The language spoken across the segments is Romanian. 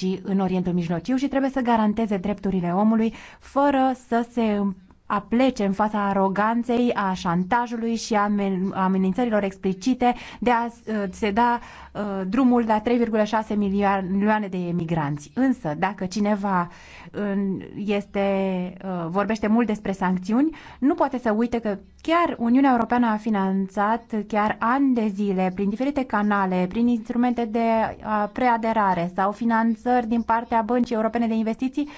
ci în Orientul Mijlociu și trebuie să garanteze drepturile omului fără să se a plece în fața aroganței, a șantajului și a amenințărilor explicite de a uh, se da uh, drumul la 3,6 milioane de emigranți. Însă, dacă cineva este, uh, vorbește mult despre sancțiuni, nu poate să uite că chiar Uniunea Europeană a finanțat chiar ani de zile, prin diferite canale, prin instrumente de preaderare sau finanțări din partea Băncii Europene de Investiții,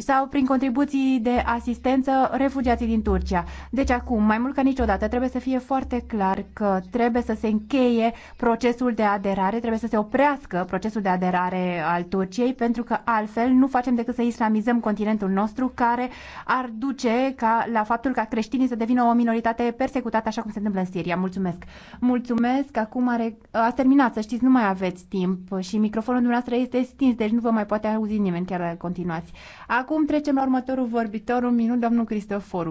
sau prin contribuții de asistență refugiații din Turcia. Deci acum, mai mult ca niciodată, trebuie să fie foarte clar că trebuie să se încheie procesul de aderare, trebuie să se oprească procesul de aderare al Turciei, pentru că altfel nu facem decât să islamizăm continentul nostru, care ar duce ca, la faptul ca creștinii să devină o minoritate persecutată, așa cum se întâmplă în Siria. Mulțumesc! Mulțumesc! Acum are, ați terminat, să știți, nu mai aveți timp și microfonul dumneavoastră este stins, deci nu vă mai poate auzi nimeni chiar continuați. Acum trecem la următorul vorbitor, un minut, domnul Cristoforu.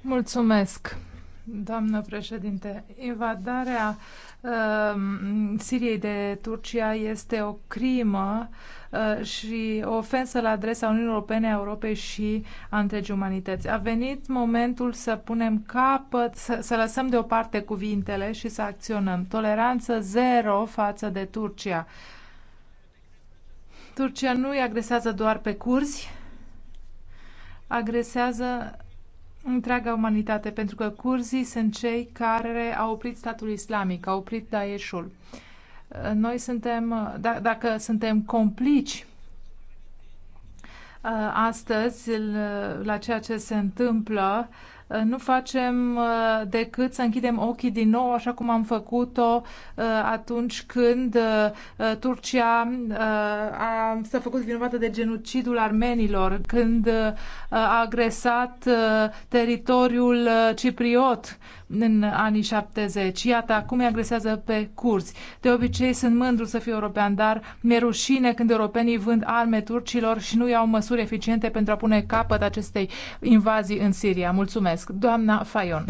Mulțumesc, doamnă președinte. Invadarea um, Siriei de Turcia este o crimă uh, și o ofensă la adresa Uniunii Europene, a Europei și a întregii umanități. A venit momentul să punem capăt, să, să lăsăm deoparte cuvintele și să acționăm. Toleranță zero față de Turcia. Turcia nu îi agresează doar pe curzi, agresează întreaga umanitate, pentru că curzii sunt cei care au oprit statul islamic, au oprit Daeshul. Noi suntem, da, dacă suntem complici uh, astăzi la ceea ce se întâmplă Uh, nu facem uh, decât să închidem ochii din nou, așa cum am făcut-o uh, atunci când Turcia a, s-a făcut vinovată de genocidul armenilor, când a agresat teritoriul cipriot în anii 70. Iată, acum îi agresează pe curți. De obicei sunt mândru să fiu european, dar mi-e rușine când europenii vând arme turcilor și nu iau măsuri eficiente pentru a pune capăt acestei invazii în Siria. Mulțumesc! Mulțumesc, doamna Fayon.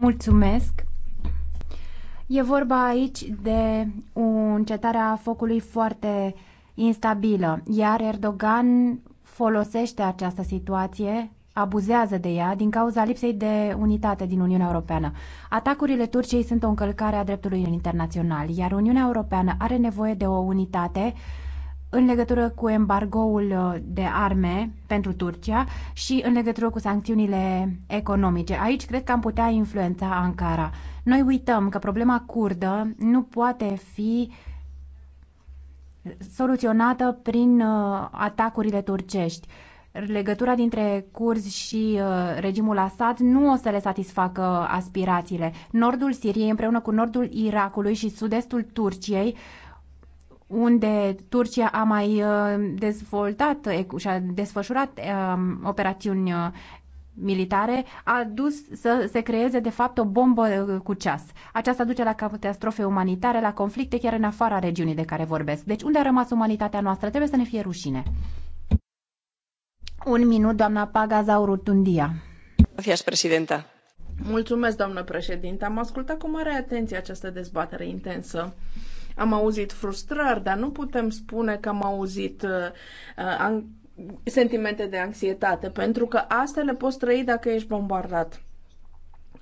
Mulțumesc. E vorba aici de o încetare a focului foarte instabilă, iar Erdogan folosește această situație abuzează de ea din cauza lipsei de unitate din Uniunea Europeană. Atacurile Turciei sunt o încălcare a dreptului internațional, iar Uniunea Europeană are nevoie de o unitate uh, în legătură cu embargoul uh, de arme pentru Turcia și în legătură cu sancțiunile economice. Aici cred că am putea influența Ankara. Noi uităm că problema curdă nu poate fi soluționată prin uh, atacurile turcești legătura dintre curzi și uh, regimul Assad nu o să le satisfacă aspirațiile. Nordul Siriei împreună cu nordul Irakului și sud-estul Turciei unde Turcia a mai uh, dezvoltat uh, și a desfășurat um, operațiuni uh, militare a dus să se creeze de fapt o bombă cu ceas. Aceasta duce la catastrofe umanitare, la conflicte chiar în afara regiunii de care vorbesc. Deci unde a rămas umanitatea noastră? Trebuie să ne fie rușine. Un minut, doamna Paga Zaurutundia. Mulțumesc, Gracias, presidenta. Mulțumesc, doamnă președinte. Am ascultat cu mare atenție această dezbatere intensă. Am auzit frustrări, dar nu putem spune că am auzit uh, sentimente de anxietate, pentru că astea le poți trăi dacă ești bombardat.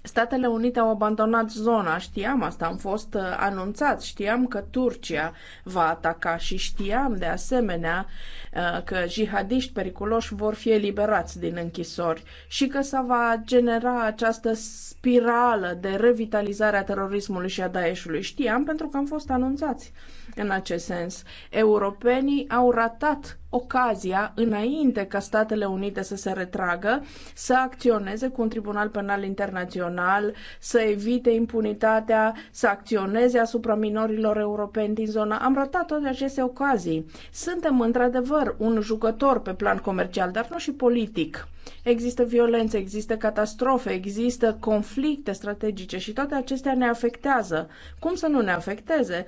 Statele Unite au abandonat zona, știam asta, am fost uh, anunțat, știam că Turcia va ataca și știam de asemenea uh, că jihadiști periculoși vor fi eliberați din închisori și că se va genera această spirală de revitalizare a terorismului și a Daeshului. Știam pentru că am fost anunțați în acest sens. Europenii au ratat ocazia, înainte ca Statele Unite să se retragă, să acționeze cu un tribunal penal internațional, să evite impunitatea, să acționeze asupra minorilor europeni din zona. Am ratat toate aceste ocazii. Suntem într-adevăr un jucător pe plan comercial, dar nu și politic. Există violență, există catastrofe, există conflicte strategice și toate acestea ne afectează. Cum să nu ne afecteze?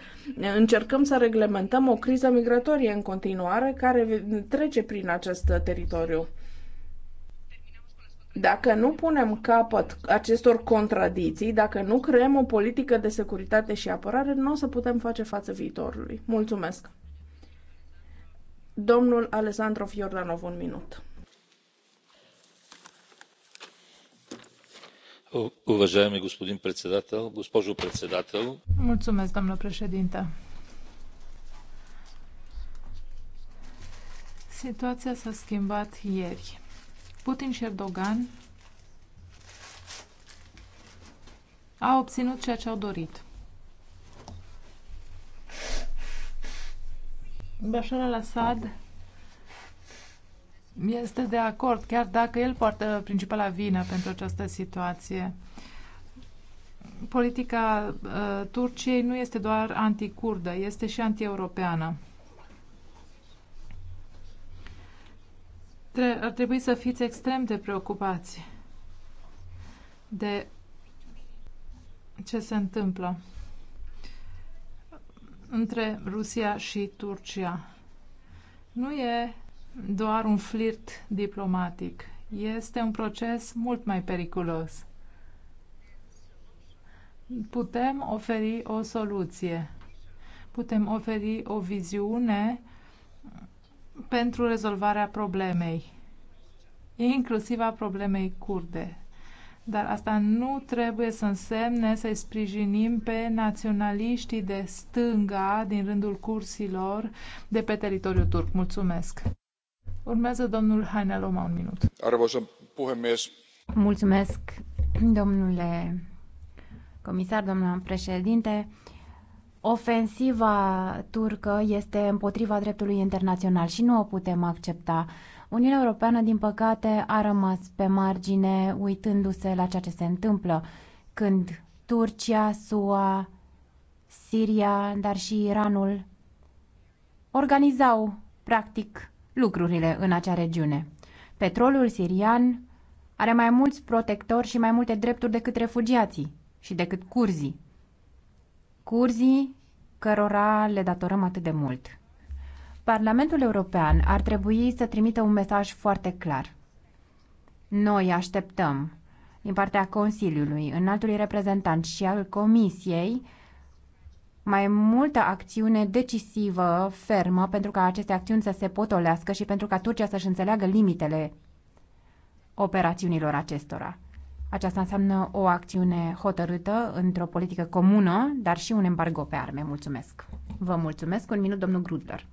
Încercăm să reglementăm o criză migratorie în continuare care trece prin acest teritoriu. Dacă nu punem capăt acestor contradicții, dacă nu creăm o politică de securitate și apărare, nu o să putem face față viitorului. Mulțumesc. Domnul Alessandro Fiordanov, un minut. Уважаеми господин председател, госпожо председател. Mulțumesc, domnule președinte. Situația s-a schimbat ieri. Putin și Erdogan au obținut ceea ce au dorit. Bashar al-Assad este de acord, chiar dacă el poartă principala vină pentru această situație. Politica uh, Turciei nu este doar anticurdă, este și antieuropeană. tre- ar trebui să fiți extrem de preocupați de ce se întâmplă între Rusia și Turcia. Nu e doar un flirt diplomatic, este un proces mult mai periculos. Putem oferi o soluție, putem oferi o viziune pentru rezolvarea problemei, inclusiv a problemei curde. Dar asta nu trebuie să însemne să-i sprijinim pe naționaliștii de stânga din rândul cursilor de pe teritoriul turc. Mulțumesc! Urmează domnul Haineloma un minut. Arvoisa puhemies. Mulțumesc, domnule comisar, domnule președinte. Ofensiva turcă este împotriva dreptului internațional și nu o putem accepta. Uniunea Europeană, din păcate, a rămas pe margine uitându-se la ceea ce se întâmplă când Turcia, SUA, Siria, dar și Iranul organizau, practic, lucrurile în acea regiune. Petrolul sirian are mai mulți protectori și mai multe drepturi decât refugiații și decât curzii. Curzii cărora le datorăm atât de mult. Parlamentul European ar trebui să trimită un mesaj foarte clar. Noi așteptăm din partea Consiliului, înaltului reprezentant și al Comisiei mai multă acțiune decisivă, fermă, pentru ca aceste acțiuni să se potolească și pentru ca Turcia să-și înțeleagă limitele operațiunilor acestora. Aceasta înseamnă o acțiune hotărâtă într-o politică comună, dar și un embargo pe arme. Mulțumesc. Vă mulțumesc. Un minut, domnul Grudler.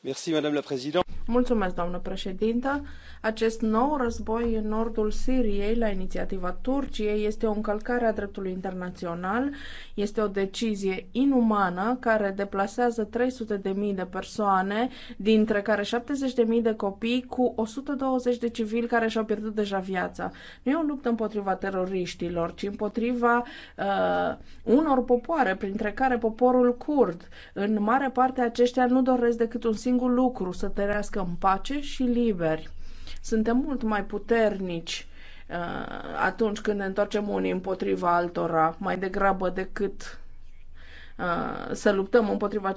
Merci, madame la Mulțumesc, doamnă președintă. Acest nou război în nordul Siriei, la inițiativa Turciei, este o încălcare a dreptului internațional, este o decizie inumană care deplasează 300.000 de persoane, dintre care 70.000 de copii cu 120 de civili care și-au pierdut deja viața. Nu e o luptă împotriva teroriștilor, ci împotriva uh, unor popoare, printre care poporul curd. În mare parte aceștia nu doresc decât un singur lucru, să tărească trăiască în pace și liberi. Suntem mult mai puternici uh, atunci când ne întoarcem unii împotriva altora, mai degrabă decât Uh, să luptăm împotriva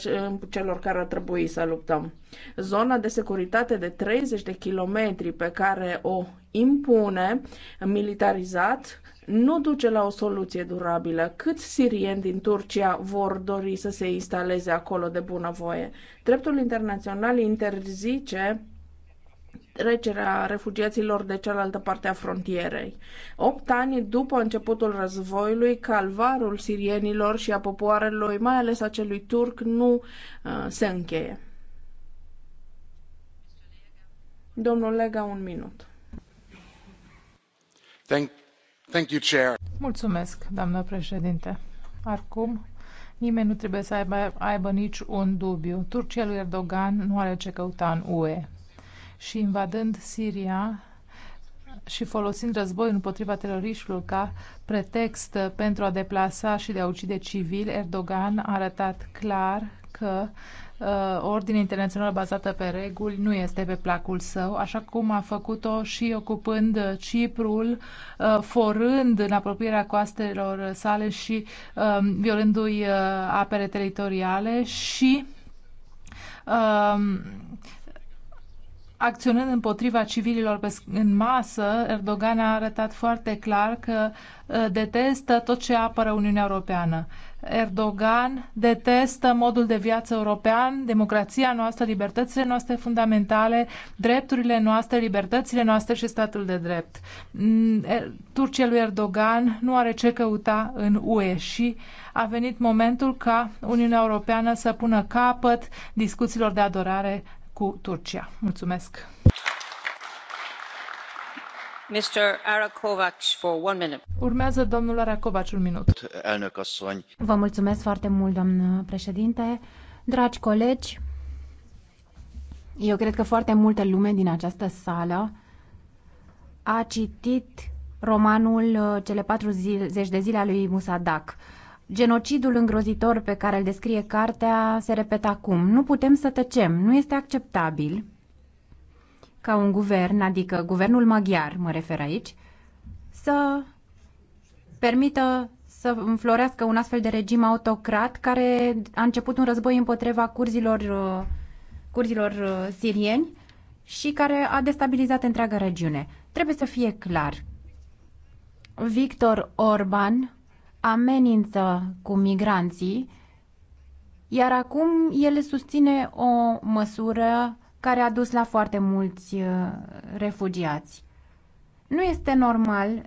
celor care ar trebui să luptăm. Zona de securitate de 30 de kilometri pe care o impune militarizat nu duce la o soluție durabilă. Cât sirieni din Turcia vor dori să se instaleze acolo de bunăvoie? Dreptul internațional interzice trecerea refugiaților de cealaltă parte a frontierei. Opt ani după începutul războiului, calvarul sirienilor și a popoarelor, mai ales a celui turc, nu uh, se încheie. Domnul Lega, un minut. Thank, thank you, Chair. Mulțumesc, doamnă președinte. Acum, nimeni nu trebuie să aibă, aibă nici un dubiu. Turcia lui Erdogan nu are ce căuta în UE și invadând Siria și folosind războiul împotriva teroriștilor ca pretext pentru a deplasa și de a ucide civili, Erdogan a arătat clar că uh, ordinea internațională bazată pe reguli nu este pe placul său, așa cum a făcut-o și ocupând Ciprul, uh, forând în apropierea coastelor sale și uh, violându-i uh, apere teritoriale și uh, acționând împotriva civililor în masă, Erdogan a arătat foarte clar că uh, detestă tot ce apără Uniunea Europeană. Erdogan detestă modul de viață european, democrația noastră, libertățile noastre fundamentale, drepturile noastre, libertățile noastre și statul de drept. Mm, er, Turcia lui Erdogan nu are ce căuta în UE și a venit momentul ca Uniunea Europeană să pună capăt discuțiilor de adorare cu Turcia. Mulțumesc! Urmează domnul Arakovac un minut. Vă mulțumesc foarte mult, doamnă președinte. Dragi colegi, eu cred că foarte multă lume din această sală a citit romanul uh, Cele 40 de zile a lui Musadak. Genocidul îngrozitor pe care îl descrie cartea se repetă acum. Nu putem să tăcem, nu este acceptabil ca un guvern, adică guvernul maghiar, mă refer aici, să permită să înflorească un astfel de regim autocrat care a început un război împotriva curzilor, uh, curzilor uh, sirieni și care a destabilizat întreaga regiune. Trebuie să fie clar. Victor Orban amenință cu migranții, iar acum el susține o măsură care a dus la foarte mulți uh, refugiați. Nu este normal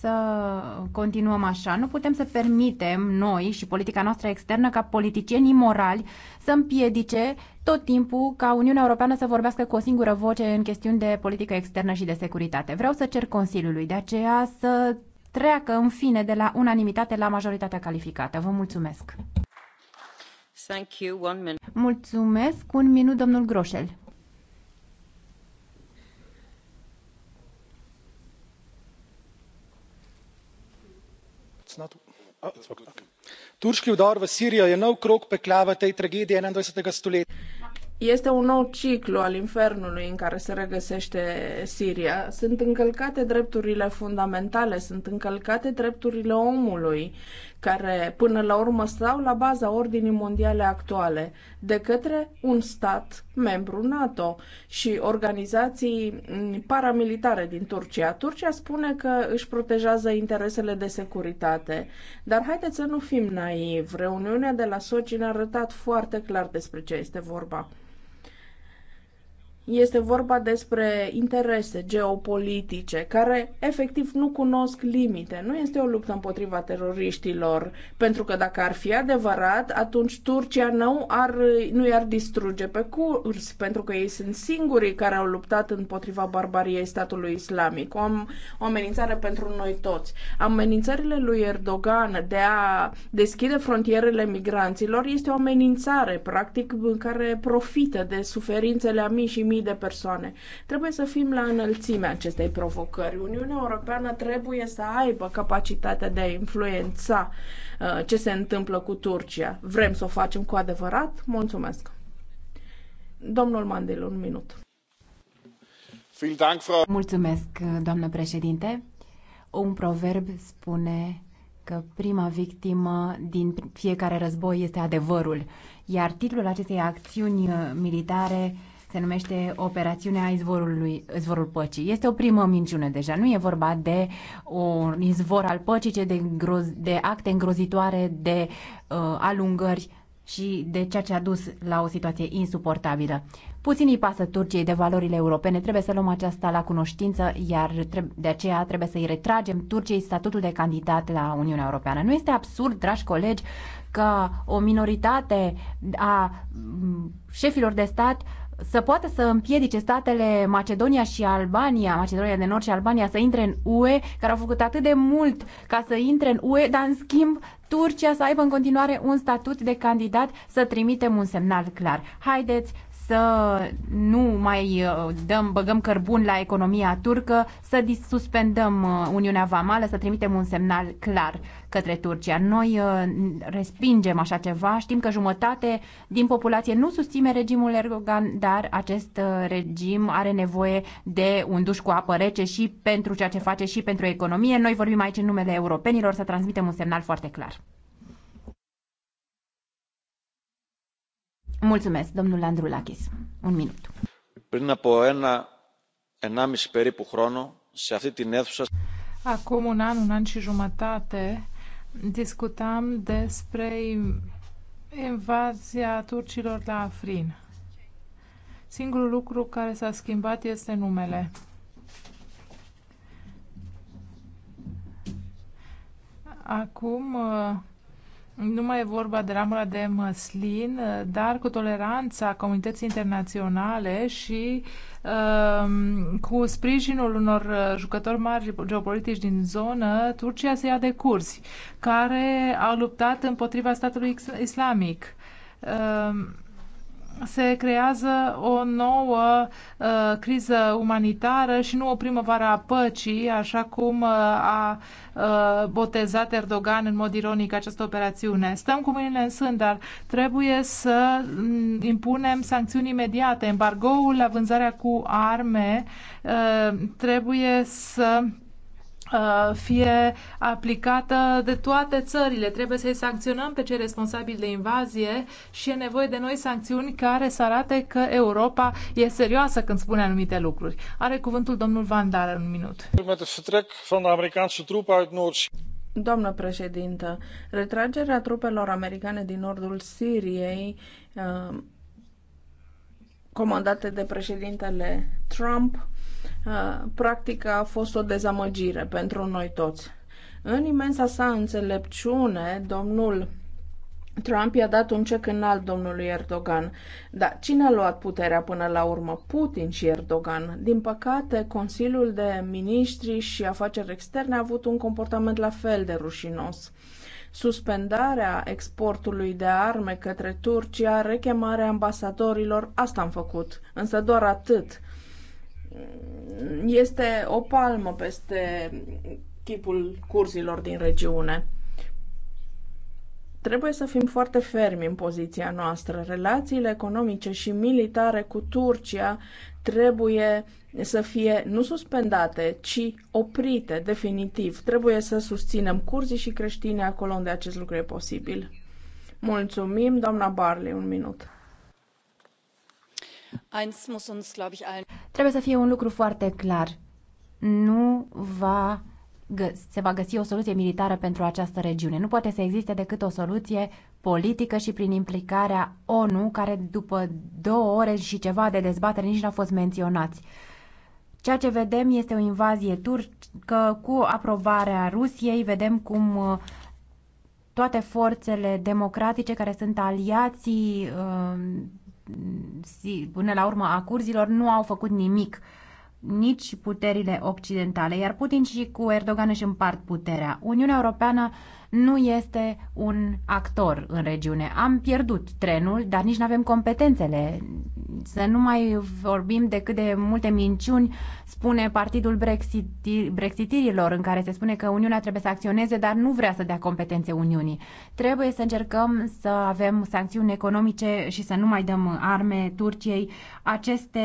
să continuăm așa. Nu putem să permitem noi și politica noastră externă ca politicieni morali să împiedice tot timpul ca Uniunea Europeană să vorbească cu o singură voce în chestiuni de politică externă și de securitate. Vreau să cer Consiliului de aceea să treacă în fine de la unanimitate la majoritatea calificată. Vă mulțumesc! Thank you. One minute. Mulțumesc! Un minut, domnul Groșel. Oh, turški Siria, v sirijo je nov krog preklavate tragedije enaindvajset stoletja. Este un nou ciclu al infernului în care se regăsește Siria. Sunt încălcate drepturile fundamentale, sunt încălcate drepturile omului, care până la urmă stau la baza ordinii mondiale actuale, de către un stat membru NATO și organizații paramilitare din Turcia. Turcia spune că își protejează interesele de securitate, dar haideți să nu fim naivi. Reuniunea de la Sochi ne-a arătat foarte clar despre ce este vorba. Este vorba despre interese geopolitice care efectiv nu cunosc limite. Nu este o luptă împotriva teroriștilor, pentru că dacă ar fi adevărat, atunci Turcia nu ar, nu i-ar distruge pe curs, pentru că ei sunt singurii care au luptat împotriva barbariei statului islamic. O, o amenințare pentru noi toți. Amenințările lui Erdogan de a deschide frontierele migranților este o amenințare, practic, care profită de suferințele a mii și mii mii de persoane. Trebuie să fim la înălțimea acestei provocări. Uniunea Europeană trebuie să aibă capacitatea de a influența uh, ce se întâmplă cu Turcia. Vrem să o facem cu adevărat? Mulțumesc! Domnul Mandel, un minut. Mulțumesc, doamnă președinte. Un proverb spune că prima victimă din fiecare război este adevărul, iar titlul acestei acțiuni uh, militare se numește Operațiunea Izvorului, Izvorul Păcii. Este o primă minciună deja. Nu e vorba de un izvor al păcii, ci de, groz, de acte îngrozitoare, de uh, alungări și de ceea ce a dus la o situație insuportabilă. Puținii pasă Turciei de valorile europene, trebuie să luăm aceasta la cunoștință, iar de aceea trebuie să-i retragem Turciei statutul de candidat la Uniunea Europeană. Nu este absurd, dragi colegi, că o minoritate a mm, șefilor de stat uh, să poată să împiedice statele Macedonia și Albania, Macedonia de Nord și Albania să intre în UE, care au făcut atât de mult ca să intre în UE, dar în schimb Turcia să aibă în continuare un statut de candidat, să trimitem un semnal clar. Haideți să nu mai uh, dăm, băgăm cărbun la economia turcă, să suspendăm uh, Uniunea Vamală, să trimitem un semnal clar către Turcia. Noi uh, respingem așa ceva, știm că jumătate din populație nu susține regimul Erdogan, dar acest regim are nevoie de un duș cu apă rece și pentru ceea ce face și pentru economie. Noi vorbim aici în numele europenilor să transmitem un semnal foarte clar. Mulțumesc, domnul Andrulakis. Un minut. Prin apoi ένα, ενάμιση περίπου χρόνο, σε αυτή την αίθουσα... Acum un an, un an și jumătate, discutam despre invazia turcilor la Afrin. Singurul lucru care s-a schimbat este numele. Acum, uh, nu mai e vorba de ramura de măslin, dar cu toleranța comunității internaționale și um, cu sprijinul unor uh, jucători mari geopolitici din zonă, Turcia se ia de cursi, care au luptat împotriva statului islamic. Um, se creează o nouă uh, criză umanitară și nu o primăvară a păcii, așa cum uh, a uh, botezat Erdogan în mod ironic această operațiune. Stăm cu mâinile în sân, dar trebuie să mm, impunem sancțiuni imediate. Embargoul la vânzarea cu arme uh, trebuie să uh, Uh, fie aplicată de toate țările. Trebuie să-i sancționăm pe cei responsabili de invazie și e nevoie de noi sancțiuni care să arate că Europa e serioasă când spune anumite lucruri. Are cuvântul domnul Van Dar un minut. Doamnă președintă, retragerea trupelor americane din nordul Siriei uh, comandate de președintele Trump Uh, practic a fost o dezamăgire pentru noi toți. În imensa sa înțelepciune, domnul Trump i-a dat un cec înalt domnului Erdogan. Dar cine a luat puterea până la urmă? Putin și Erdogan. Din păcate, Consiliul de Ministri și Afaceri Externe a avut un comportament la fel de rușinos suspendarea exportului de arme către Turcia, rechemarea ambasadorilor, asta am făcut, însă doar atât este o palmă peste chipul curzilor din regiune. Trebuie să fim foarte fermi în poziția noastră. Relațiile economice și militare cu Turcia trebuie să fie nu suspendate, ci oprite definitiv. Trebuie să susținem curzii și creștinii acolo unde acest lucru e posibil. Mulțumim, doamna Barley, un minut. Trebuie să fie un lucru foarte clar. Nu va se va găsi o soluție militară pentru această regiune. Nu poate să existe decât o soluție politică și prin implicarea ONU, care după două ore și ceva de dezbatere nici n-au fost menționați. Ceea ce vedem este o invazie turcă cu aprobarea Rusiei. Vedem cum uh, toate forțele democratice care sunt aliații uh, până la urmă a curzilor nu au făcut nimic nici puterile occidentale, iar Putin și cu Erdogan își împart puterea. Uniunea Europeană nu este un actor în regiune. Am pierdut trenul, dar nici nu avem competențele. Să nu mai vorbim de cât de multe minciuni spune partidul brexitirilor, în care se spune că Uniunea trebuie să acționeze, dar nu vrea să dea competențe Uniunii. Trebuie să încercăm să avem sancțiuni economice și să nu mai dăm arme Turciei. Aceste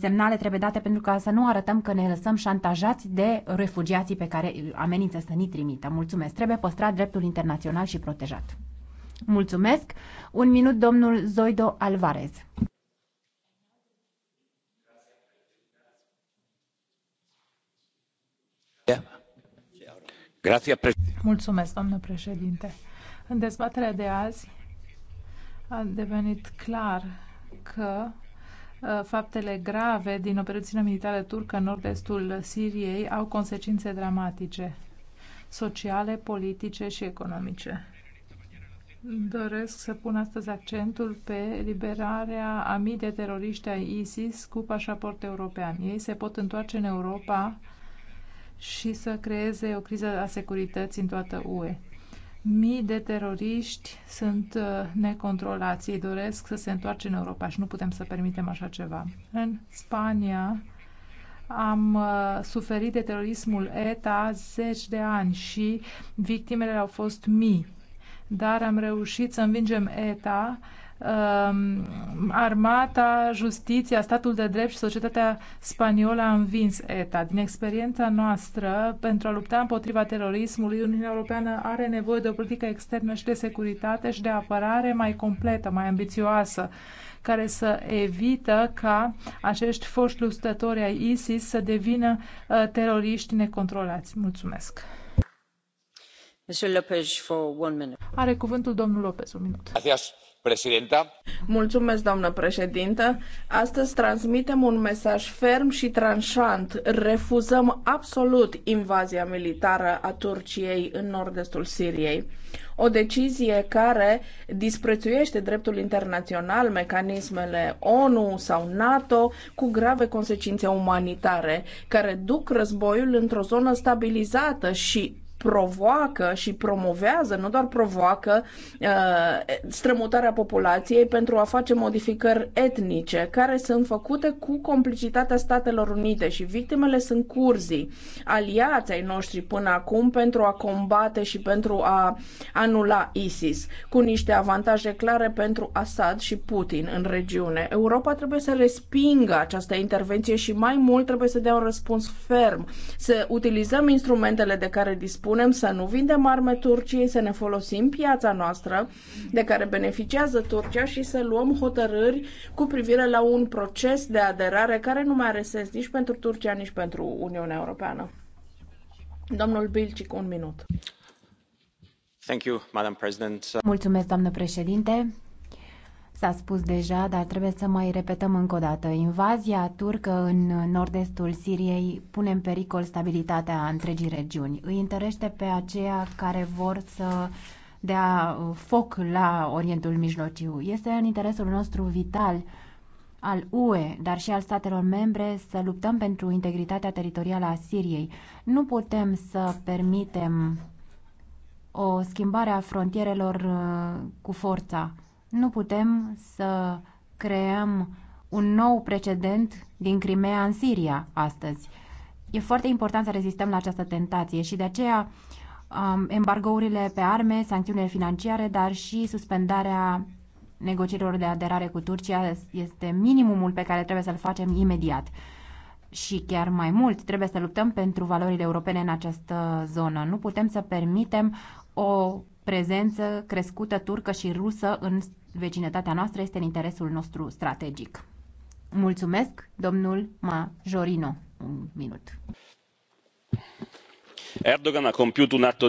semnale trebuie date pentru ca să nu arătăm că ne lăsăm șantajați de refugiații pe care amenință să ni trimită. Mulțumesc. Trebuie păstrat drept dreptul internațional și protejat. Mulțumesc. Un minut, domnul Zoido Alvarez. Mulțumesc, doamnă președinte. În dezbaterea de azi a devenit clar că uh, faptele grave din operațiunea militară turcă în nord-estul Siriei au consecințe dramatice sociale, politice și economice. Doresc să pun astăzi accentul pe liberarea a mii de teroriști ai ISIS cu pașaport european. Ei se pot întoarce în Europa și să creeze o criză a securității în toată UE. Mii de teroriști sunt uh, necontrolați. Ei doresc să se întoarce în Europa și nu putem să permitem așa ceva. În Spania, am uh, suferit de terorismul ETA zeci de ani și victimele au fost mii. Dar am reușit să învingem ETA, uh, um, armata, justiția, statul de drept și societatea spaniolă a învins ETA. Din experiența noastră, pentru a lupta împotriva terorismului, Uniunea Europeană are nevoie de o politică externă și de securitate și de apărare mai completă, mai ambițioasă care să evită ca acești foști luptători ai ISIS să devină uh, teroriști necontrolați. Mulțumesc! Are cuvântul domnul Lopez, un minut. Gracias președintă. Mulțumesc, doamnă președintă. Astăzi transmitem un mesaj ferm și tranșant. Refuzăm absolut invazia militară a Turciei în nord-estul Siriei. O decizie care disprețuiește dreptul internațional, mecanismele ONU sau NATO, cu grave consecințe umanitare, care duc războiul într-o zonă stabilizată și provoacă și promovează, nu doar provoacă, uh, strămutarea populației pentru a face modificări etnice care sunt făcute cu complicitatea Statelor Unite și victimele sunt curzii, aliații ai noștri până acum pentru a combate și pentru a anula ISIS, cu niște avantaje clare pentru Assad și Putin în regiune. Europa trebuie să respingă această intervenție și mai mult trebuie să dea un răspuns ferm, să utilizăm instrumentele de care dispun propunem să nu vindem arme Turciei, să ne folosim piața noastră de care beneficiază Turcia și să luăm hotărâri cu privire la un proces de aderare care nu mai are sens nici pentru Turcia, nici pentru Uniunea Europeană. Domnul Bilcic, un minut. Mulțumesc, doamnă președinte S-a spus deja, dar trebuie să mai repetăm încă o dată. Invazia turcă în nord-estul Siriei pune în pericol stabilitatea întregii regiuni. Îi întărește pe aceia care vor să dea uh, foc la Orientul Mijlociu. Este în interesul nostru vital al UE, dar și al statelor membre, să luptăm pentru integritatea teritorială a Siriei. Nu putem să permitem o schimbare a frontierelor uh, cu forța nu putem să creăm un nou precedent din Crimea în Siria astăzi. E foarte important să rezistăm la această tentație și de aceea um, embargourile pe arme, sancțiunile financiare, dar și suspendarea negocierilor de aderare cu Turcia este minimumul pe care trebuie să-l facem imediat. Și chiar mai mult, trebuie să luptăm pentru valorile europene în această zonă. Nu putem să permitem o prezență crescută turcă și rusă în vecinătatea noastră este în interesul nostru strategic. Mulțumesc, domnul Majorino. Un minut. Erdogan a compiut un act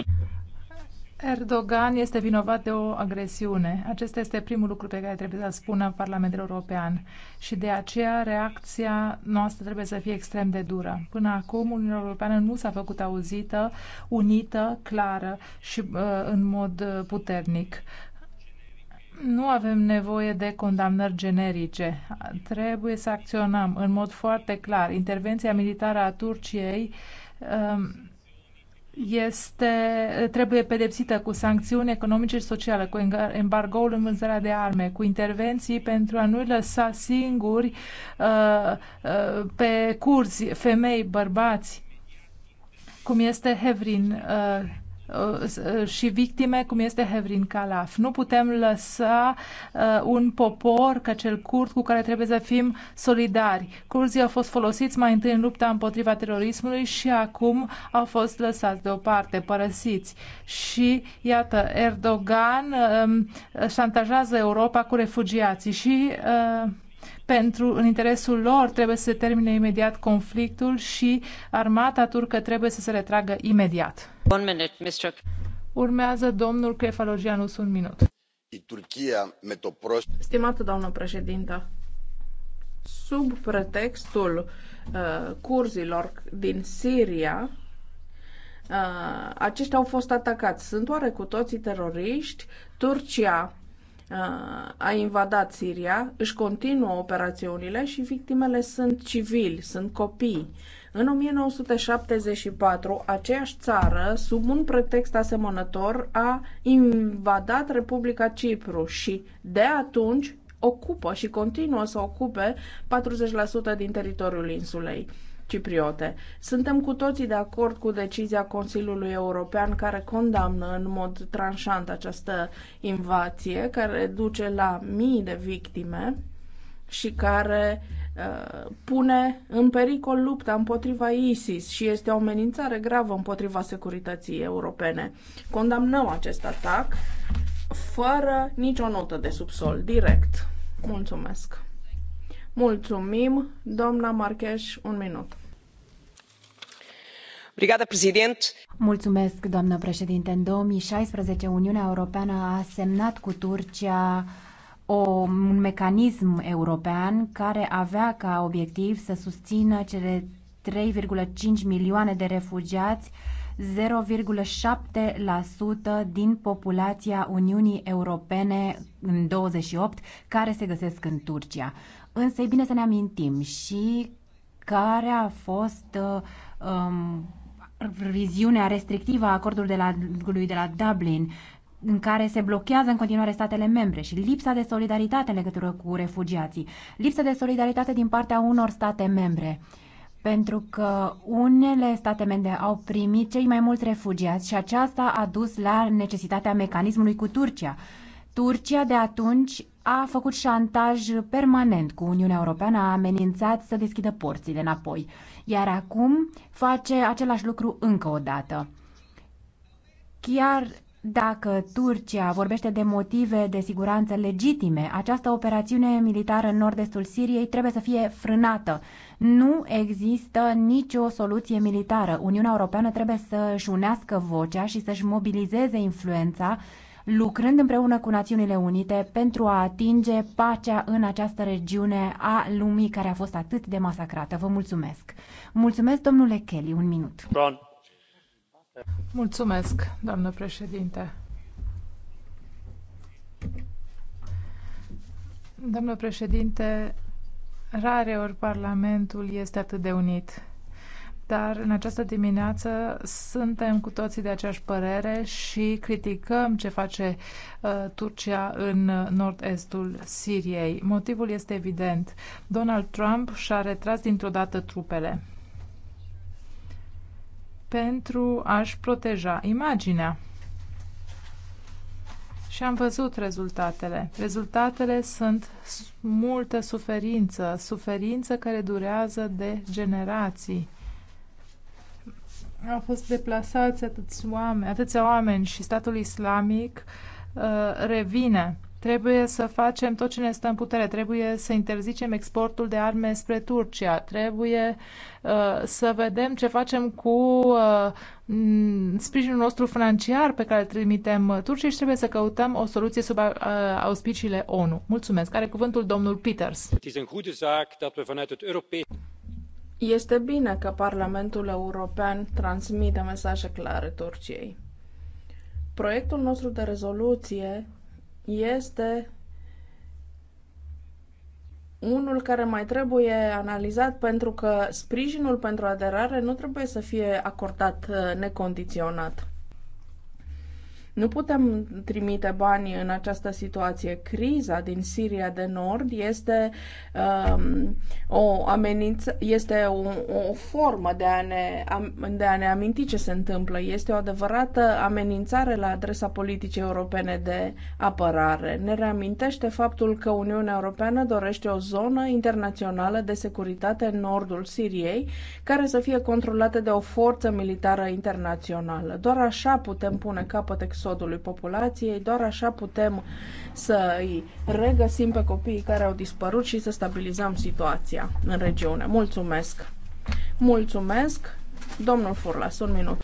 Erdogan este vinovat de o agresiune. Acesta este primul lucru pe care trebuie să-l spună Parlamentul European și de aceea reacția noastră trebuie să fie extrem de dură. Până acum, Uniunea Europeană nu s-a făcut auzită, unită, clară și uh, în mod uh, puternic. Nu avem nevoie de condamnări generice. Trebuie să acționăm în mod foarte clar. Intervenția militară a Turciei um, este, trebuie pedepsită cu sancțiuni economice și sociale, cu embargoul în vânzarea de arme, cu intervenții pentru a nu-i lăsa singuri uh, uh, pe curzi, femei, bărbați, cum este Hevrin, uh, Uh, și victime, cum este Hevrin Calaf. Nu putem lăsa uh, un popor, ca cel curt, cu care trebuie să fim solidari. Curzii au fost folosiți mai întâi în lupta împotriva terorismului și acum au fost lăsați deoparte, părăsiți. Și, iată, Erdogan um, șantajează Europa cu refugiații și uh, pentru, în interesul lor trebuie să se termine imediat conflictul și armata turcă trebuie să se retragă imediat. One minute, Mr. Urmează domnul Crefalogianus un minut. Turcia, metopros... Stimată doamnă președintă, sub pretextul uh, curzilor din Siria, uh, aceștia au fost atacați. Sunt oare cu toții teroriști? Turcia Uh, a invadat Siria, își continuă operațiunile și victimele sunt civili, sunt copii. În 1974, aceeași țară, sub un pretext asemănător, a invadat Republica Cipru și de atunci ocupă și continuă să ocupe 40% din teritoriul insulei cipriote. Suntem cu toții de acord cu decizia Consiliului European care condamnă în mod tranșant această invazie care duce la mii de victime și care uh, pune în pericol lupta împotriva ISIS și este o amenințare gravă împotriva securității europene. Condamnăm acest atac fără nicio notă de subsol, direct. Mulțumesc! Mulțumim. Doamna Marcheș, un minut. Mulțumesc, doamnă președinte. În 2016, Uniunea Europeană a semnat cu Turcia o, un mecanism european care avea ca obiectiv să susțină cele 3,5 milioane de refugiați, 0,7% din populația Uniunii Europene în 28 care se găsesc în Turcia. Însă e bine să ne amintim și care a fost uh, um, viziunea restrictivă a acordului de la, lui de la Dublin, în care se blochează în continuare statele membre și lipsa de solidaritate în legătură cu refugiații, lipsa de solidaritate din partea unor state membre. Pentru că unele state membre au primit cei mai mulți refugiați și aceasta a dus la necesitatea mecanismului cu Turcia Turcia de atunci a făcut șantaj permanent cu Uniunea Europeană, a amenințat să deschidă porțile înapoi, iar acum face același lucru încă o dată. Chiar dacă Turcia vorbește de motive de siguranță legitime, această operațiune militară în nord-estul Siriei trebuie să fie frânată. Nu există nicio soluție militară. Uniunea Europeană trebuie să-și unească vocea și să-și mobilizeze influența lucrând împreună cu Națiunile Unite pentru a atinge pacea în această regiune a lumii care a fost atât de masacrată. Vă mulțumesc! Mulțumesc, domnule Kelly, un minut. Bun. Mulțumesc, doamnă președinte. Doamnă președinte, rareori Parlamentul este atât de unit dar în această dimineață suntem cu toții de aceeași părere și criticăm ce face uh, Turcia în uh, nord-estul Siriei. Motivul este evident. Donald Trump și-a retras dintr-o dată trupele pentru a-și proteja imaginea. Și am văzut rezultatele. Rezultatele sunt multă suferință, suferință care durează de generații. Au fost deplasați atâți oameni, atâția oameni și statul islamic uh, revine. Trebuie să facem tot ce ne stă în putere. Trebuie să interzicem exportul de arme spre Turcia. Trebuie uh, să vedem ce facem cu uh, sprijinul nostru financiar pe care îl trimitem Turciei și trebuie să căutăm o soluție sub uh, auspiciile ONU. Mulțumesc. Are cuvântul domnul Peters. Este bine că Parlamentul European transmite mesaje clare Turciei. Proiectul nostru de rezoluție este unul care mai trebuie analizat pentru că sprijinul pentru aderare nu trebuie să fie acordat uh, necondiționat. Nu putem trimite bani în această situație. Criza din Siria de Nord este, um, o, amenință, este o, o formă de a, ne, de a ne aminti ce se întâmplă. Este o adevărată amenințare la adresa politicii europene de apărare. Ne reamintește faptul că Uniunea Europeană dorește o zonă internațională de securitate în nordul Siriei, care să fie controlată de o forță militară internațională. Doar așa putem pune capăt exodului exodului populației, doar așa putem să îi regăsim pe copiii care au dispărut și să stabilizăm situația în regiune. Mulțumesc! Mulțumesc! Domnul Furlas, un minut.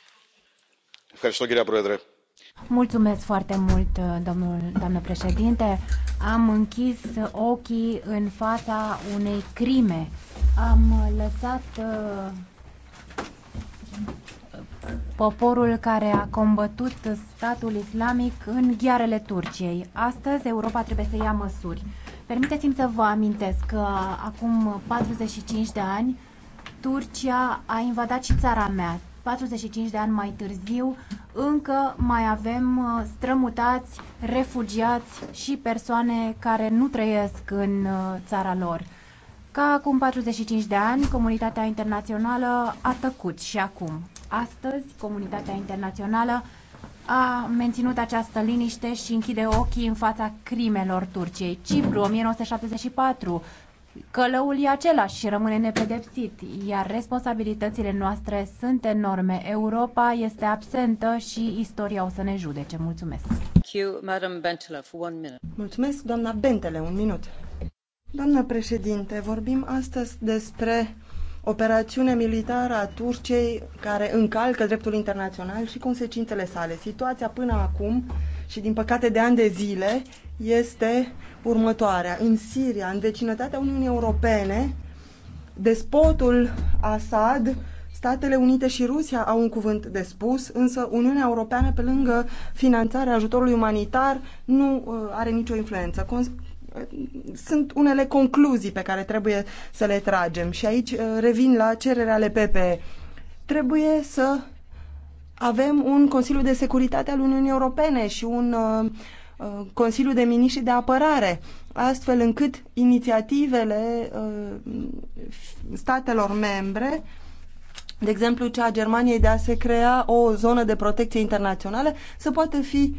Mulțumesc foarte mult, domnul, doamnă președinte. Am închis ochii în fața unei crime. Am lăsat uh, poporul care a combătut statul islamic în ghearele Turciei. Astăzi Europa trebuie să ia măsuri. Permiteți-mi să vă amintesc că acum 45 de ani Turcia a invadat și țara mea. 45 de ani mai târziu, încă mai avem uh, strămutați, refugiați și persoane care nu trăiesc în uh, țara lor. Ca acum 45 de ani, comunitatea internațională a tăcut și acum. Astăzi, comunitatea internațională a menținut această liniște și închide ochii în fața crimelor Turciei. Cipru, 1974, călăul e același și rămâne nepedepsit, iar responsabilitățile noastre sunt enorme. Europa este absentă și istoria o să ne judece. Mulțumesc! Mulțumesc, doamna Bentele, un minut. Doamnă președinte, vorbim astăzi despre operațiune militară a Turciei care încalcă dreptul internațional și consecințele sale. Situația până acum și din păcate de ani de zile este următoarea. În Siria, în vecinătatea Uniunii Europene, despotul Assad Statele Unite și Rusia au un cuvânt de spus, însă Uniunea Europeană, pe lângă finanțarea ajutorului umanitar, nu uh, are nicio influență sunt unele concluzii pe care trebuie să le tragem și aici uh, revin la cererea ale Trebuie să avem un Consiliu de Securitate al Uniunii Europene și un uh, uh Consiliul de Miniștri de Apărare, astfel încât inițiativele uh, statelor membre, de exemplu cea a Germaniei de a se crea o zonă de protecție internațională, să poată fi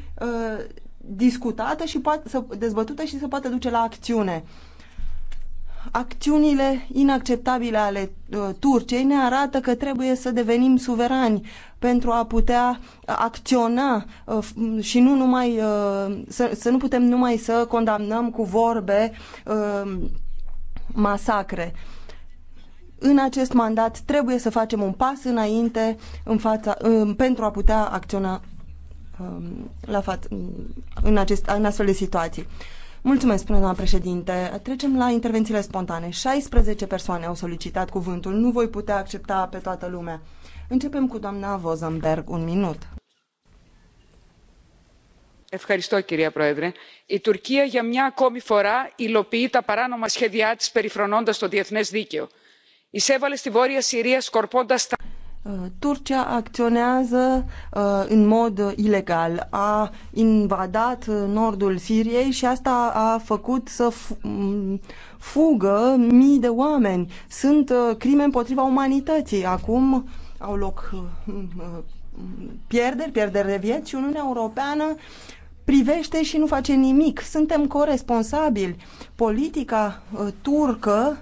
discutată și poate să dezbătută și să poată duce la acțiune. Acțiunile inacceptabile ale uh, Turciei ne arată că trebuie să devenim suverani pentru a putea uh, acționa uh, și nu numai uh, să, să nu putem numai să condamnăm cu vorbe uh, masacre. În acest mandat trebuie să facem un pas înainte în fața, uh, pentru a putea acționa Um, la fa- în, acest, în astfel de situații. Mulțumesc, până doamna președinte. Trecem la intervențiile spontane. 16 persoane au solicitat cuvântul. Nu voi putea accepta pe toată lumea. Începem cu doamna Vozenberg. Un minut. Ευχαριστώ, κυρία Πρόεδρε. Η Τουρκία για μια ακόμη φορά υλοποιεί τα παράνομα σχέδιά της περιφρονώντας το διεθνές δίκαιο. Εισέβαλε στη Βόρεια Συρία σκορπώντας τα... Uh, Turcia acționează uh, în mod ilegal. A invadat uh, nordul Siriei și asta a făcut să mm, fugă mii de oameni. Sunt uh, crime împotriva umanității. Acum au loc uh, mm, uh, pierderi, pierderi de vieți și Uniunea Europeană privește și nu face nimic. Suntem corresponsabili. Politica uh, turcă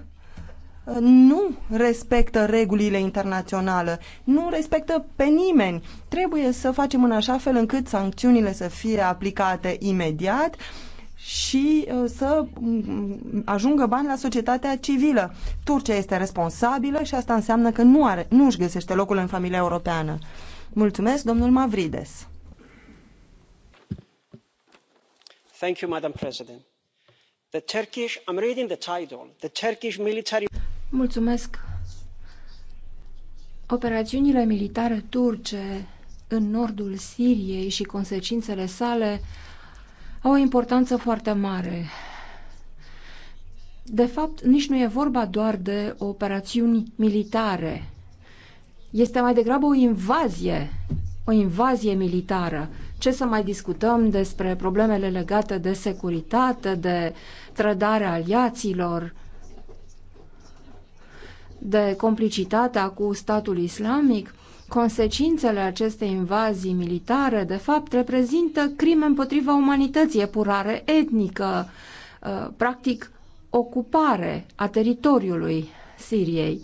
nu respectă regulile internaționale, nu respectă pe nimeni. Trebuie să facem în așa fel încât sancțiunile să fie aplicate imediat și uh, să mm, ajungă bani la societatea civilă. Turcia este responsabilă și asta înseamnă că nu, are, nu își găsește locul în familia europeană. Mulțumesc, domnul Mavrides. Thank you, Madam President. The Turkish, I'm reading the title, the Turkish military... Mulțumesc. Operațiunile militare turce în nordul Siriei și consecințele sale au o importanță foarte mare. De fapt, nici nu e vorba doar de operațiuni militare. Este mai degrabă o invazie, o invazie militară. Ce să mai discutăm despre problemele legate de securitate, de trădarea aliaților, de complicitatea cu statul islamic, consecințele acestei invazii militare, de fapt, reprezintă crime împotriva umanității, epurare etnică, uh, practic ocupare a teritoriului Siriei.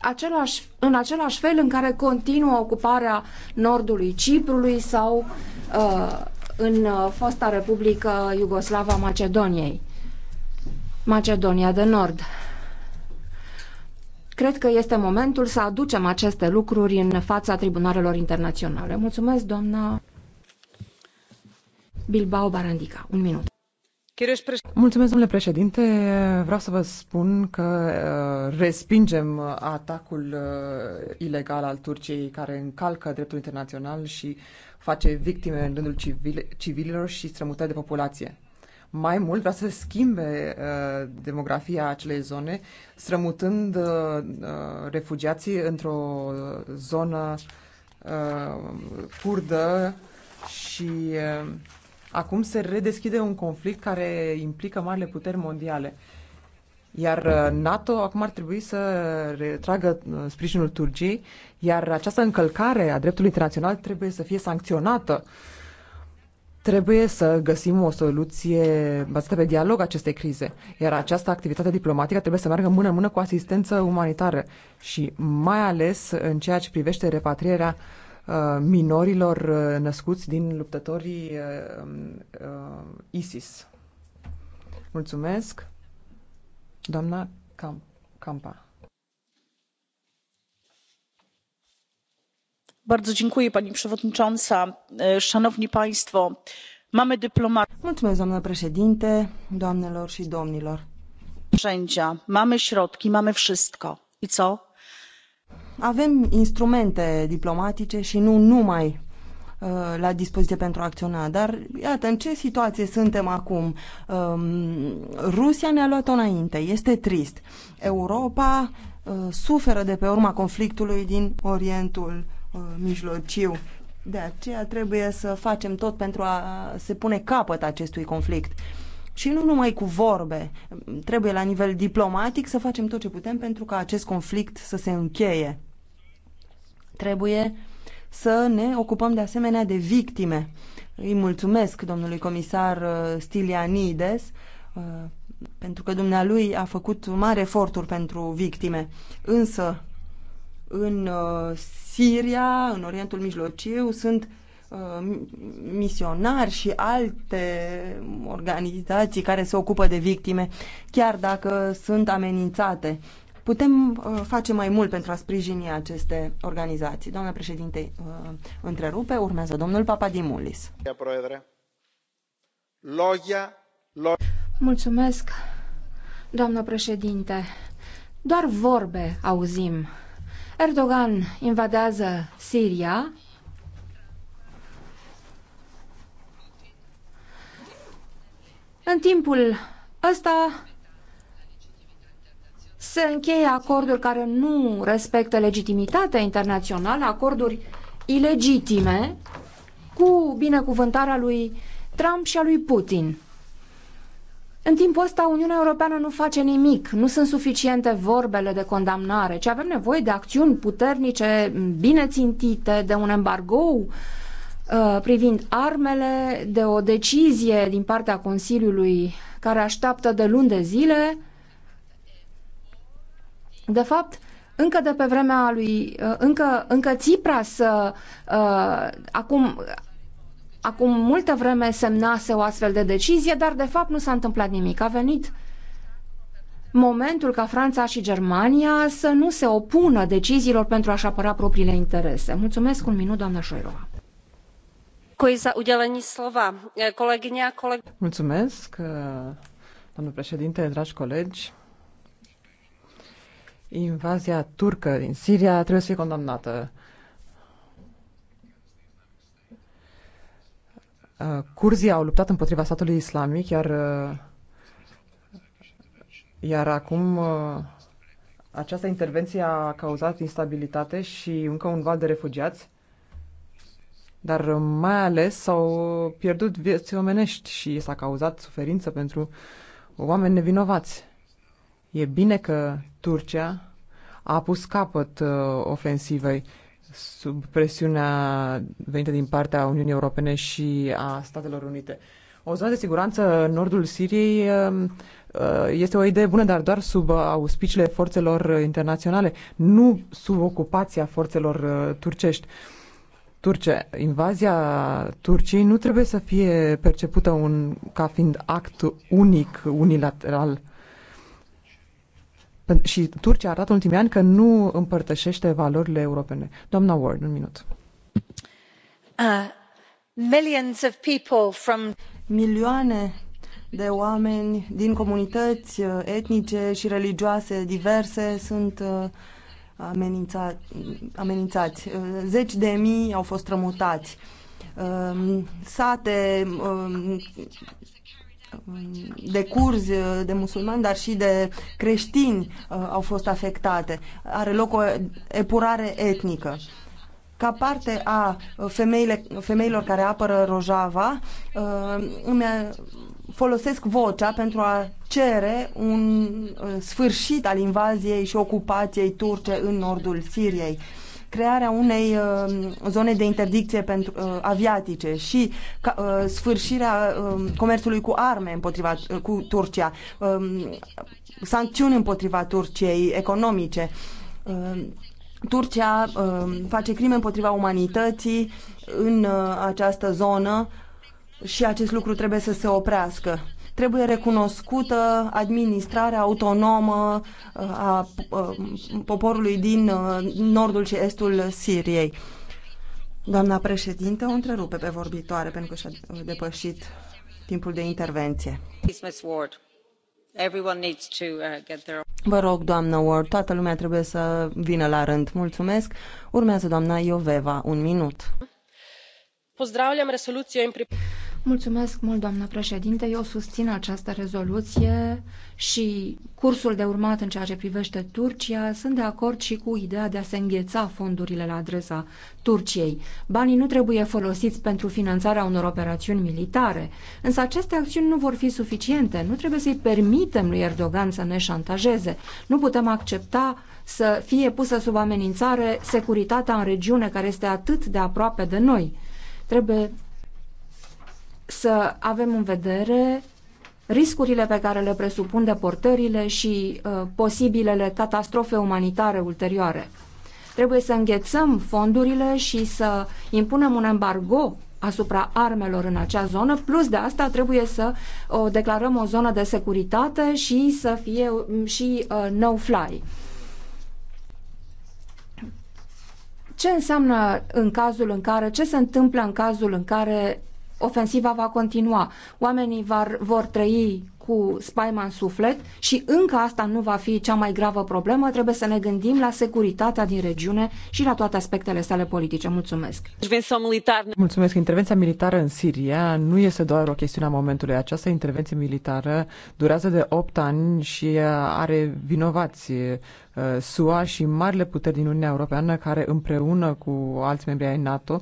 Același, în același fel în care continuă ocuparea nordului Ciprului sau uh, în fosta Republică Iugoslava Macedoniei. Macedonia de Nord. Cred că este momentul să aducem aceste lucruri în fața tribunalelor internaționale. Mulțumesc, doamna Bilbao Barandica. Un minut. Mulțumesc, domnule președinte. Vreau să vă spun că uh, respingem atacul uh, ilegal al Turciei care încalcă dreptul internațional și face victime în rândul civil, civililor și strămutări de populație mai mult vrea să schimbe uh, demografia acelei zone, strămutând uh, uh refugiații într-o zonă uh, curdă și uh, acum se redeschide un conflict care implică marile puteri mondiale. Iar uh, NATO acum ar trebui să retragă uh, sprijinul Turciei, iar această încălcare a dreptului internațional trebuie să fie sancționată. Uh, Trebuie să găsim o soluție bazată pe dialog acestei crize, iar această activitate diplomatică trebuie să meargă mână-mână cu asistență umanitară și mai ales în ceea ce privește repatrierea uh, minorilor uh, născuți din luptătorii uh, ISIS. Mulțumesc, doamna Campa. doamnă președintă doamnelor și domnilor narzędzia mamy środki mamy wszystko i co? avem instrumente diplomatice și nu numai la dispoziție pentru a acționa. Dar iată, în ce situație suntem acum? Rusia ne-a luat-o înainte. Este trist. Europa suferă de pe urma conflictului din Orientul Uh, mijlociu. De aceea trebuie să facem tot pentru a se pune capăt acestui conflict. Și nu numai cu vorbe, trebuie la nivel diplomatic să facem tot ce putem pentru ca acest conflict să se încheie. Trebuie să ne ocupăm de asemenea de victime. Îi mulțumesc domnului comisar uh, Stilianides uh, pentru că dumnealui a făcut mari eforturi pentru victime. Însă în uh, Siria, în Orientul Mijlociu, sunt uh, misionari și alte organizații care se ocupă de victime, chiar dacă sunt amenințate. Putem uh, face mai mult pentru a sprijini aceste organizații. Doamna președinte, întrerupe, urmează domnul Papadimulis. Mulțumesc, doamnă președinte. Doar vorbe auzim Erdogan invadează Siria. În timpul ăsta se încheie acorduri care nu respectă legitimitatea internațională, acorduri ilegitime cu binecuvântarea lui Trump și a lui Putin. În timpul ăsta, Uniunea Europeană nu face nimic, nu sunt suficiente vorbele de condamnare, ci avem nevoie de acțiuni puternice, bine țintite, de un embargo uh, privind armele, de o decizie din partea Consiliului care așteaptă de luni de zile. De fapt, încă de pe vremea lui, uh, încă, încă Tsipras, uh, uh acum acum multă vreme semnase o astfel de decizie, dar de fapt nu s-a întâmplat nimic. A venit momentul ca Franța și Germania să nu se opună deciziilor pentru a-și apăra propriile interese. Mulțumesc un minut, doamna Șoirova. Mulțumesc, domnul președinte, dragi colegi. Invazia turcă din Siria trebuie să fie condamnată. Uh, curzii au luptat împotriva statului islamic, iar, uh, iar acum uh, această intervenție a cauzat instabilitate și încă un val de refugiați, dar mai ales s-au pierdut vieți omenești și s-a cauzat suferință pentru oameni nevinovați. E bine că Turcia a pus capăt ofensivei sub presiunea venită din partea Uniunii Europene și a Statelor Unite. O zonă de siguranță în nordul Siriei um, uh, este o idee bună, dar doar sub auspiciile forțelor internaționale, nu sub ocupația forțelor uh, turcești. Turce, invazia Turciei nu trebuie să fie percepută un, ca fiind act unic, unilateral și Turcia arată în ultimii ani că nu împărtășește valorile europene. Doamna Ward, un minut. Uh, millions of people from... Milioane de oameni din comunități uh, etnice și religioase diverse sunt uh, amenința, amenințați. Uh, zeci de mii au fost rămutați. Um, sate um, de curzi, de musulmani, dar și de creștini uh, au fost afectate. Are loc o epurare etnică. Ca parte a femeile, femeilor care apără Rojava, uh, îmi uh, folosesc vocea pentru a cere un sfârșit al invaziei și ocupației turce în nordul Siriei crearea unei uh, zone de interdicție pentru uh, aviatice și uh, sfârșirea um, comerțului cu arme împotriva cu Turcia, um, sancțiuni împotriva Turciei economice. Um, Turcia face crime împotriva umanității în această zonă și acest lucru trebuie să se oprească. Trebuie recunoscută administrarea autonomă uh, a uh, poporului din uh, nordul și estul Siriei. Doamna președinte, o întrerupe pe vorbitoare pentru că și-a depășit timpul de intervenție. Vă rog, doamnă Ward, toată lumea trebuie să vină la rând. Mulțumesc. Urmează doamna Ioveva, un minut. Pozdravljam rezoluție în Mulțumesc mult, doamnă președinte. Eu susțin această rezoluție și cursul de urmat în ceea ce privește Turcia. Sunt de acord și cu ideea de a se îngheța fondurile la adresa Turciei. Banii nu trebuie folosiți pentru finanțarea unor operațiuni militare, însă aceste acțiuni nu vor fi suficiente. Nu trebuie să-i permitem lui Erdogan să ne șantajeze. Nu putem accepta să fie pusă sub amenințare securitatea în regiune care este atât de aproape de noi. Trebuie să avem în vedere riscurile pe care le presupun deportările și uh, posibilele catastrofe umanitare ulterioare. Trebuie să înghețăm fondurile și să impunem un embargo asupra armelor în acea zonă. Plus de asta trebuie să o declarăm o zonă de securitate și să fie um, și uh, no-fly. Ce înseamnă în cazul în care, ce se întâmplă în cazul în care ofensiva va continua. Oamenii var, vor trăi cu spaima în suflet și încă asta nu va fi cea mai gravă problemă. Trebuie să ne gândim la securitatea din regiune și la toate aspectele sale politice. Mulțumesc! Mulțumesc! Intervenția militară în Siria nu este doar o chestiune a momentului. Această intervenție militară durează de 8 ani și are vinovați uh, SUA și marile puteri din Uniunea Europeană care împreună cu alți membri ai NATO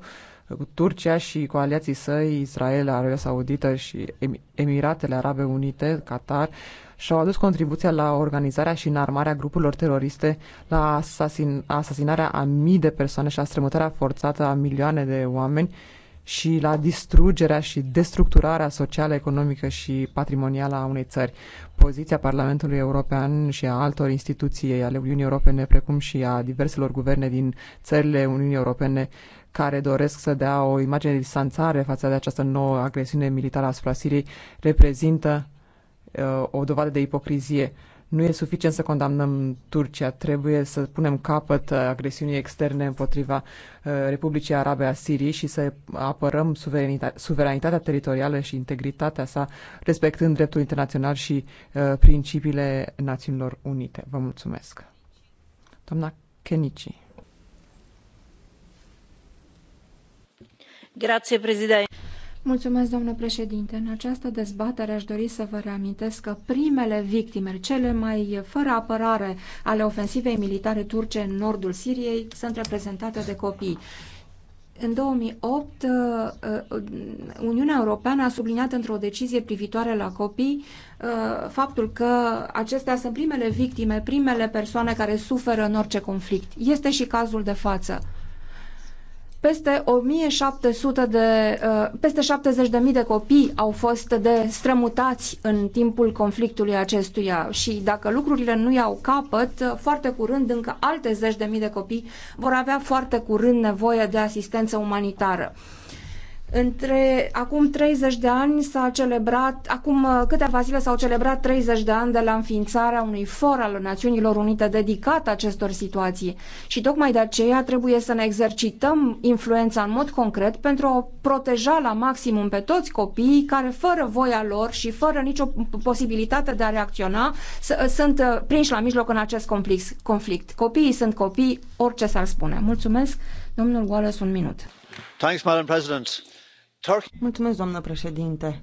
cu Turcia și cu aliații săi, Israel, Arabia Saudită și Emiratele Arabe Unite, Qatar, și-au adus contribuția la organizarea și înarmarea grupurilor teroriste, la asasin- asasinarea a mii de persoane și la strămutarea forțată a milioane de oameni și la distrugerea și destructurarea socială, economică și patrimonială a unei țări. Poziția Parlamentului European și a altor instituții ale Uniunii Europene, precum și a diverselor guverne din țările Uniunii Europene care doresc să dea o imagine de distanțare față de această nouă agresiune militară asupra Siriei reprezintă uh, o dovadă de ipocrizie. Nu e suficient să condamnăm Turcia, trebuie să punem capăt uh, agresiunii externe împotriva uh, Republicii Arabe a Siriei și să apărăm suveranitatea teritorială și integritatea sa, respectând dreptul internațional și uh, principiile Națiunilor Unite. Vă mulțumesc. Doamna Kenichi. Mulțumesc, doamnă președinte. În această dezbatere aș dori să vă reamintesc că primele victime, cele mai fără apărare ale ofensivei militare turce în nordul Siriei, sunt reprezentate de copii. În 2008, uh, uh, Uniunea Europeană a subliniat într-o decizie privitoare la copii uh, faptul că acestea sunt primele victime, primele persoane care suferă în orice conflict. Este și cazul de față peste 1700 de, uh, peste 70 de mii de copii au fost de strămutați în timpul conflictului acestuia și dacă lucrurile nu iau capăt, foarte curând încă alte zeci de mii de copii vor avea foarte curând nevoie de asistență umanitară. Între, acum 30 de ani s-a celebrat, acum uh, câteva zile s-au celebrat 30 de ani de la înființarea unui for al Națiunilor Unite dedicat acestor situații și tocmai de aceea trebuie să ne exercităm influența în mod concret pentru a proteja la maximum pe toți copiii care fără voia lor și fără nicio posibilitate de a reacționa uh, sunt uh, prinși la mijloc în acest conflict. Copiii sunt copii, orice s-ar spune. Mulțumesc, domnul Wallace, un minut. Thanks, Madam President Mulțumesc, doamnă președinte.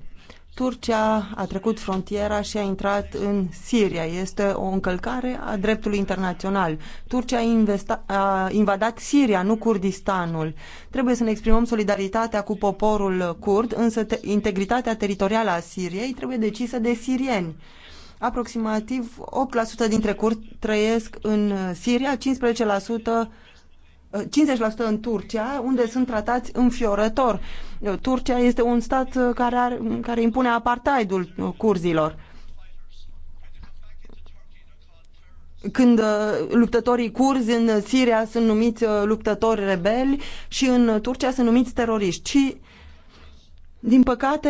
Turcia a trecut frontiera și a intrat în Siria. Este o încălcare a dreptului internațional. Turcia a, a invadat Siria, nu Kurdistanul. Trebuie să ne exprimăm solidaritatea cu poporul kurd, însă te integritatea teritorială a Siriei trebuie decisă de sirieni. Aproximativ 8% dintre kurdi trăiesc în Siria, 15% 50% în Turcia, unde sunt tratați înfiorător. Turcia este un stat uh, care, are, care impune apartheidul uh, curzilor. când uh, luptătorii curzi în Siria sunt numiți luptători rebeli și în Turcia sunt numiți teroriști. Și, din păcate,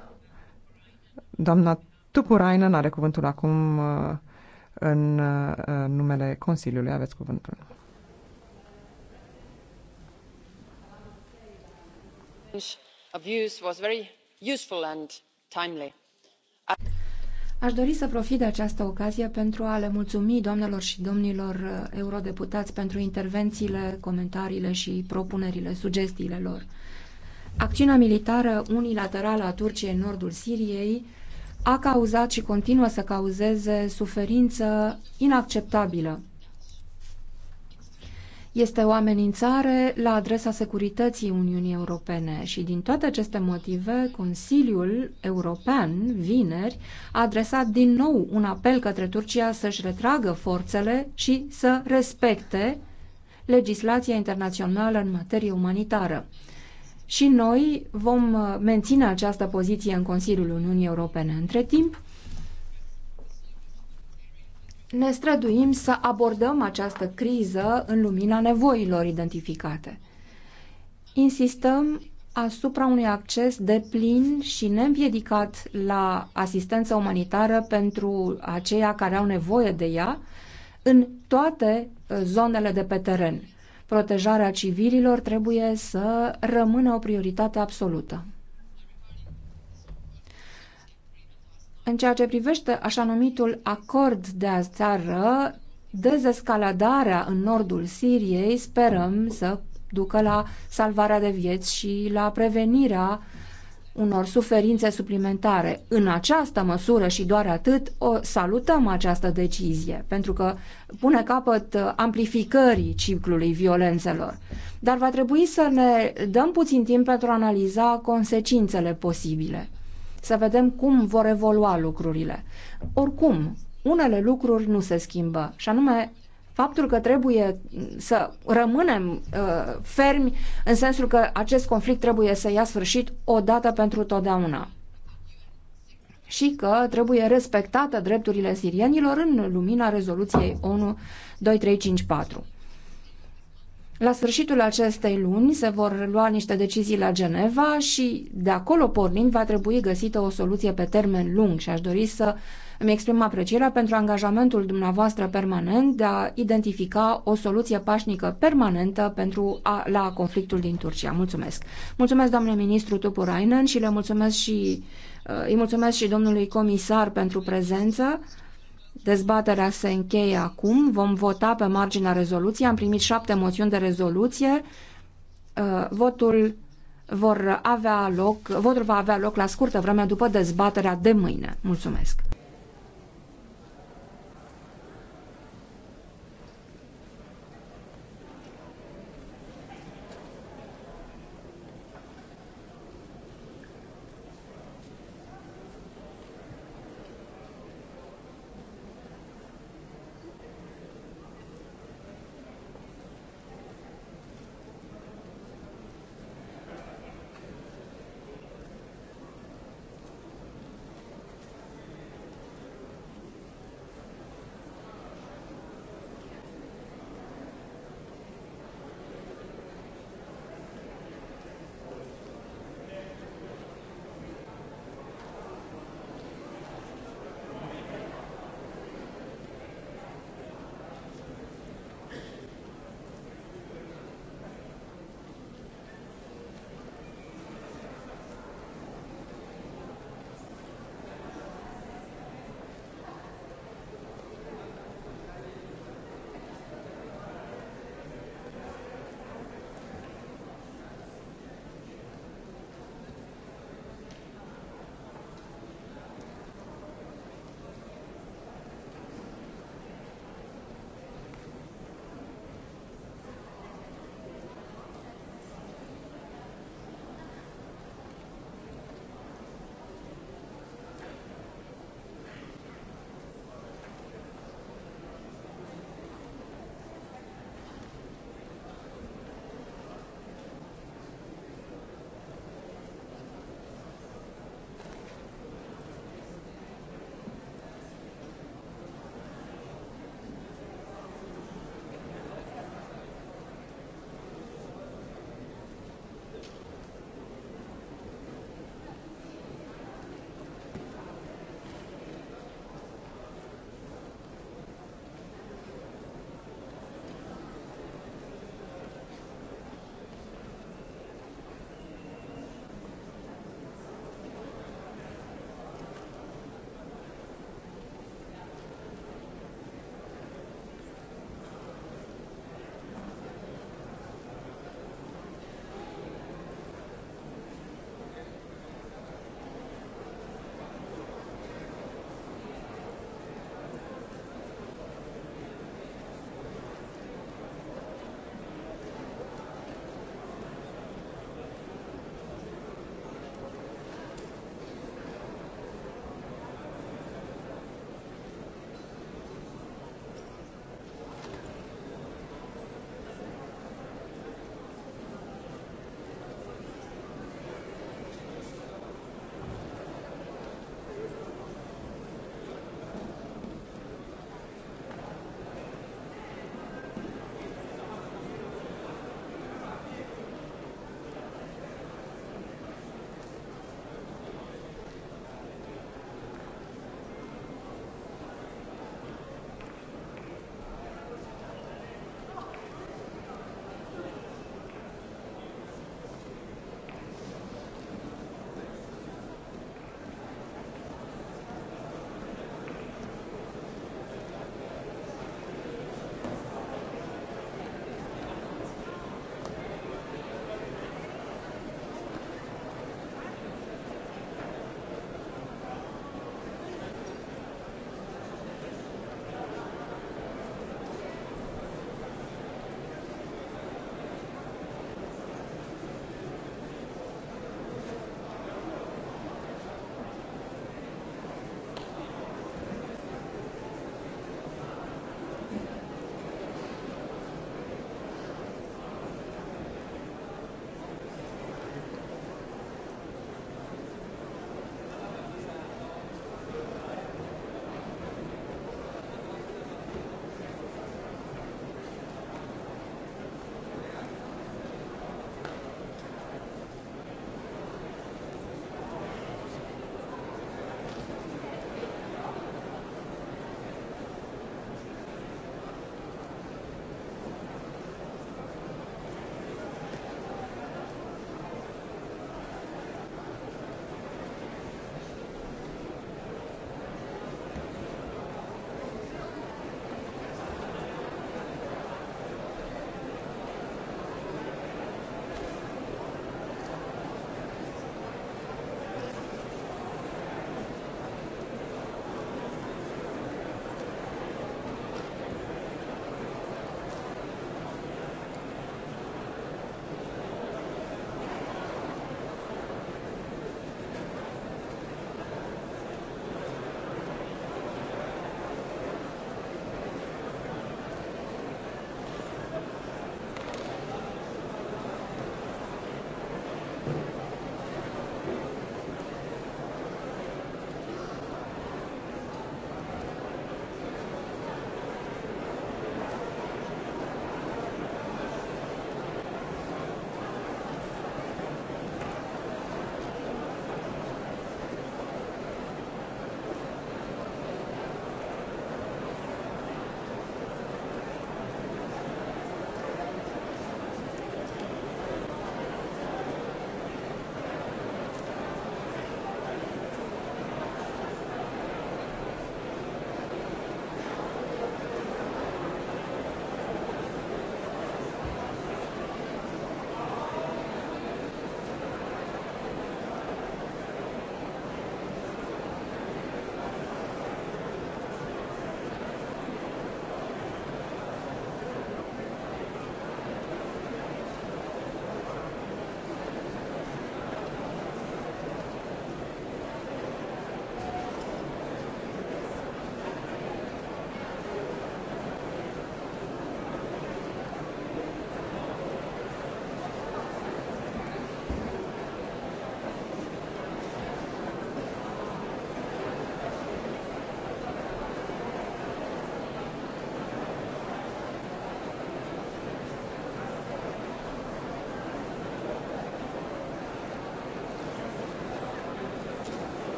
Doamna Tupurainen are cuvântul acum uh, uh, în numele Consiliului. Aveți cuvântul. Aș dori să profit de această ocazie pentru a le mulțumi doamnelor și domnilor uh, eurodeputați pentru intervențiile, comentariile și propunerile, sugestiile lor. Acțiunea militară unilaterală a Turciei în nordul Siriei a cauzat și continuă să cauzeze suferință inacceptabilă. Este o amenințare la adresa securității Uniunii Europene și din toate aceste motive, Consiliul European, vineri, a adresat din nou un apel către Turcia să-și retragă forțele și să respecte legislația internațională în materie umanitară și noi vom uh, menține această poziție în Consiliul Uniunii Europene. Între timp, ne străduim să abordăm această criză în lumina nevoilor identificate. Insistăm asupra unui acces de plin și neîmpiedicat la asistență umanitară pentru aceia care au nevoie de ea în toate uh, zonele de pe teren protejarea civililor trebuie să rămână o prioritate absolută. În ceea ce privește așa numitul acord de aseară, dezescaladarea în nordul Siriei sperăm să ducă la salvarea de vieți și la prevenirea unor suferințe suplimentare. În această măsură și doar atât o salutăm această decizie, pentru că pune capăt uh, amplificării ciclului violențelor. Dar va trebui să ne dăm puțin timp pentru a analiza consecințele posibile, să vedem cum vor evolua lucrurile. Oricum, unele lucruri nu se schimbă, și anume faptul că trebuie să rămânem uh, fermi în sensul că acest conflict trebuie să ia sfârșit odată pentru totdeauna și că trebuie respectată drepturile sirienilor în lumina rezoluției ONU 2354. La sfârșitul acestei luni se vor lua niște decizii la Geneva și de acolo pornind va trebui găsită o soluție pe termen lung și aș dori să îmi exprim aprecierea pentru angajamentul dumneavoastră permanent de a identifica o soluție pașnică permanentă pentru a, la conflictul din Turcia. Mulțumesc. Mulțumesc, doamne ministru Tupurainen și le mulțumesc și, uh, îi mulțumesc și domnului comisar pentru prezență. Dezbaterea se încheie acum. Vom vota pe marginea rezoluției. Am primit șapte moțiuni de rezoluție. Uh, votul, vor avea loc, votul va avea loc la scurtă vreme după dezbaterea de mâine. Mulțumesc!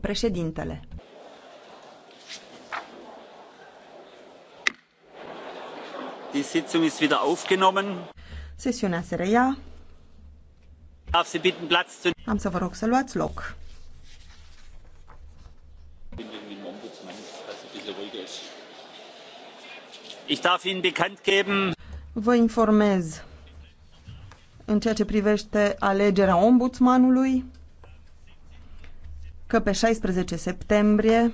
Președintele. Die Sitzung ist wieder aufgenommen. Sesiunea se reia. Darf Sie bitten Platz zu Am să vă rog să luați loc. Ich darf Ihnen bekannt geben. Vă informez în ceea ce privește alegerea ombudsmanului, că pe 16 septembrie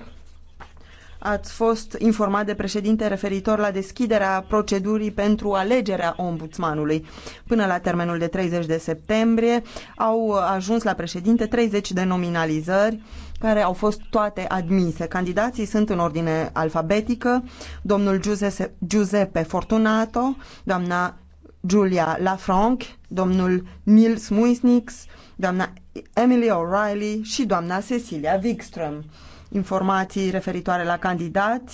ați fost informat de președinte referitor la deschiderea procedurii pentru alegerea ombudsmanului. Până la termenul de 30 de septembrie au ajuns la președinte 30 de nominalizări care au fost toate admise. Candidații sunt în ordine alfabetică, domnul Giuseppe Fortunato, doamna Julia Lafranc, domnul Nils Muisnix, doamna Emily O'Reilly și doamna Cecilia Wikström. Informații referitoare la candidați